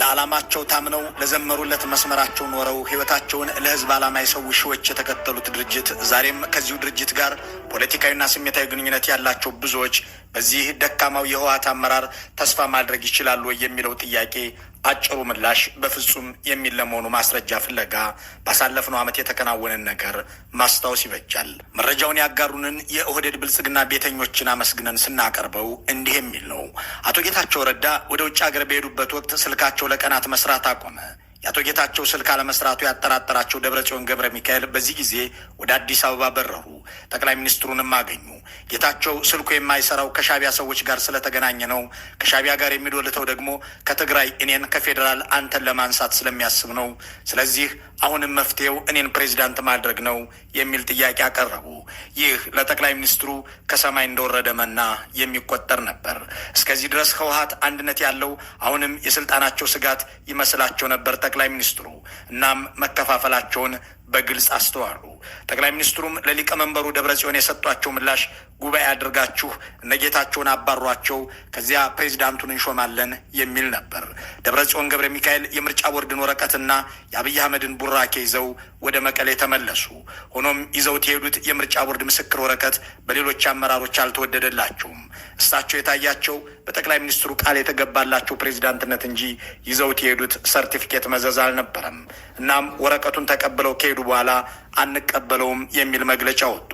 ለዓላማቸው ታምነው ለዘመሩለት መስመራቸው ኖረው ሕይወታቸውን ለሕዝብ ዓላማ የሰው ሺዎች የተከተሉት ድርጅት ዛሬም ከዚሁ ድርጅት ጋር ፖለቲካዊና ስሜታዊ ግንኙነት ያላቸው ብዙዎች በዚህ ደካማው የህወሓት አመራር ተስፋ ማድረግ ይችላሉ ወይ የሚለው ጥያቄ አጭሩ ምላሽ በፍጹም የሚል ለመሆኑ ማስረጃ ፍለጋ ባሳለፍነው ዓመት የተከናወነን ነገር ማስታወስ ይበጃል። መረጃውን ያጋሩንን የኦህዴድ ብልጽግና ቤተኞችን አመስግነን ስናቀርበው እንዲህ የሚል ነው። አቶ ጌታቸው ረዳ ወደ ውጭ ሀገር በሄዱበት ወቅት ስልካቸው ለቀናት መስራት አቆመ። የአቶ ጌታቸው ስልክ አለመስራቱ ያጠራጠራቸው ደብረጽዮን ገብረ ሚካኤል በዚህ ጊዜ ወደ አዲስ አበባ በረሩ። ጠቅላይ ሚኒስትሩንም አገኙ። ጌታቸው ስልኩ የማይሰራው ከሻቢያ ሰዎች ጋር ስለተገናኘ ነው። ከሻቢያ ጋር የሚዶልተው ደግሞ ከትግራይ እኔን ከፌዴራል አንተን ለማንሳት ስለሚያስብ ነው። ስለዚህ አሁንም መፍትሄው እኔን ፕሬዚዳንት ማድረግ ነው የሚል ጥያቄ አቀረቡ። ይህ ለጠቅላይ ሚኒስትሩ ከሰማይ እንደወረደ መና የሚቆጠር ነበር። እስከዚህ ድረስ ህወሀት አንድነት ያለው አሁንም የስልጣናቸው ስጋት ይመስላቸው ነበር ጠቅላይ ሚኒስትሩ። እናም መከፋፈላቸውን በግልጽ አስተዋሉ። ጠቅላይ ሚኒስትሩም ለሊቀመንበሩ ደብረጽዮን የሰጧቸው ምላሽ ጉባኤ አድርጋችሁ እነጌታቸውን አባሯቸው፣ ከዚያ ፕሬዚዳንቱን እንሾማለን የሚል ነበር። ደብረጽዮን ገብረ ሚካኤል የምርጫ ቦርድን ወረቀትና የአብይ አህመድን ቡራኬ ይዘው ወደ መቀሌ ተመለሱ። ሆኖም ይዘውት የሄዱት የምርጫ ቦርድ ምስክር ወረቀት በሌሎች አመራሮች አልተወደደላቸውም። እሳቸው የታያቸው በጠቅላይ ሚኒስትሩ ቃል የተገባላቸው ፕሬዚዳንትነት እንጂ ይዘውት የሄዱት ሰርቲፊኬት መዘዝ አልነበረም። እናም ወረቀቱን ተቀብለው ከሄዱ በኋላ አንቀበለውም የሚል መግለጫ ወጡ።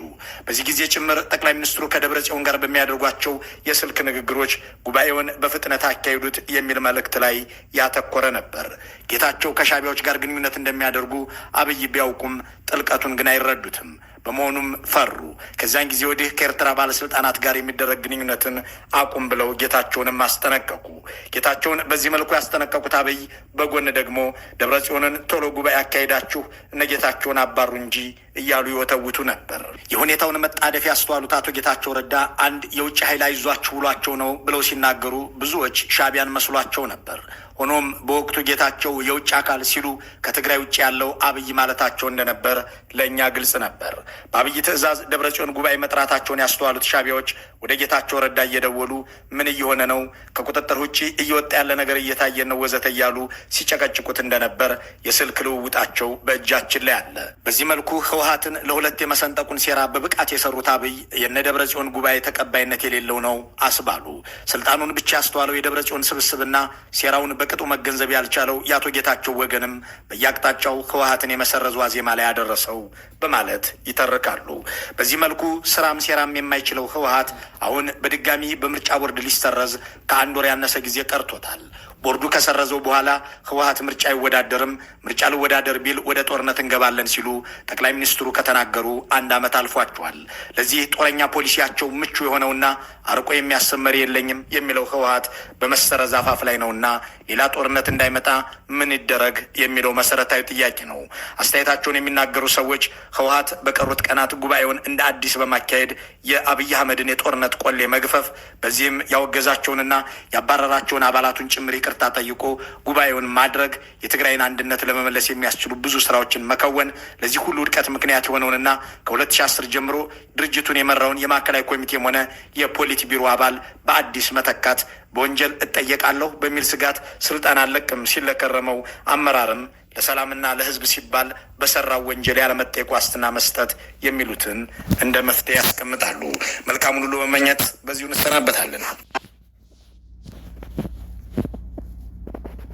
በዚህ ጊዜ ጭምር ጠቅላይ ሚኒስትሩ ከደብረ ጽዮን ጋር በሚያደርጓቸው የስልክ ንግግሮች ጉባኤውን በፍጥነት አካሂዱት የሚል መልእክት ላይ ያተኮረ ነበር። ጌታቸው ከሻቢያዎች ጋር ግንኙነት እንደሚያደርጉ አብይ ቢያውቁም ጥልቀቱን ግን አይረዱትም። በመሆኑም ፈሩ። ከዚያን ጊዜ ወዲህ ከኤርትራ ባለስልጣናት ጋር የሚደረግ ግንኙነትን አቁም ብለው ጌታቸውንም አስጠነቀቁ። ጌታቸውን በዚህ መልኩ ያስጠነቀቁት አብይ በጎን ደግሞ ደብረ ጽዮንን ቶሎ ጉባኤ አካሂዳችሁ እነ ጌታቸውን አባሩ እንጂ እንጂ እያሉ ይወተውቱ ነበር። የሁኔታውን መጣደፍ ያስተዋሉት አቶ ጌታቸው ረዳ አንድ የውጭ ኃይል አይዟችሁ ውሏቸው ነው ብለው ሲናገሩ ብዙዎች ሻቢያን መስሏቸው ነበር። ሆኖም በወቅቱ ጌታቸው የውጭ አካል ሲሉ ከትግራይ ውጭ ያለው አብይ ማለታቸው እንደነበር ለእኛ ግልጽ ነበር። በአብይ ትዕዛዝ ደብረጽዮን ጉባኤ መጥራታቸውን ያስተዋሉት ሻቢያዎች ወደ ጌታቸው ረዳ እየደወሉ ምን እየሆነ ነው? ከቁጥጥር ውጭ እየወጣ ያለ ነገር እየታየ ነው ወዘተ እያሉ ሲጨቀጭቁት እንደነበር የስልክ ልውውጣቸው በእጃችን ላይ አለ። በዚህ መልኩ ህወሀትን ለሁለት የመሰንጠቁን ሴራ በብቃት የሰሩት አብይ የነ ደብረጽዮን ጉባኤ ተቀባይነት የሌለው ነው አስባሉ። ስልጣኑን ብቻ ያስተዋለው የደብረጽዮን ስብስብና ሴራውን በ በቅጡ መገንዘብ ያልቻለው የአቶ ጌታቸው ወገንም በየአቅጣጫው ህወሀትን የመሰረዙ ዋዜማ ላይ ያደረሰው በማለት ይተርካሉ። በዚህ መልኩ ስራም ሴራም የማይችለው ህወሀት አሁን በድጋሚ በምርጫ ቦርድ ሊሰረዝ ከአንድ ወር ያነሰ ጊዜ ቀርቶታል። ቦርዱ ከሰረዘው በኋላ ህወሀት ምርጫ አይወዳደርም፣ ምርጫ ልወዳደር ቢል ወደ ጦርነት እንገባለን ሲሉ ጠቅላይ ሚኒስትሩ ከተናገሩ አንድ ዓመት አልፏቸዋል። ለዚህ ጦረኛ ፖሊሲያቸው ምቹ የሆነውና አርቆ የሚያስብ የለኝም የሚለው ህወሀት በመሰረዝ አፋፍ ላይ ነውና ሌላ ጦርነት እንዳይመጣ ምን ይደረግ የሚለው መሰረታዊ ጥያቄ ነው። አስተያየታቸውን የሚናገሩ ሰዎች ህወሀት በቀሩት ቀናት ጉባኤውን እንደ አዲስ በማካሄድ የአብይ አህመድን የጦርነት ቆሌ መግፈፍ፣ በዚህም ያወገዛቸውንና ያባረራቸውን አባላቱን ጭምር ይቅርታ ጠይቆ ጉባኤውን ማድረግ፣ የትግራይን አንድነት ለመመለስ የሚያስችሉ ብዙ ስራዎችን መከወን፣ ለዚህ ሁሉ ውድቀት ምክንያት የሆነውንና ከ2010 ጀምሮ ድርጅቱን የመራውን የማዕከላዊ ኮሚቴም ሆነ የፖሊት ቢሮ አባል በአዲስ መተካት በወንጀል እጠየቃለሁ በሚል ስጋት ስልጣን አለቅም ሲል ለከረመው አመራርም ለሰላምና ለሕዝብ ሲባል በሰራው ወንጀል ያለመጠየቅ ዋስትና መስጠት የሚሉትን እንደ መፍትሄ ያስቀምጣሉ። መልካሙን ሁሉ መመኘት በዚሁ እንሰናበታለን።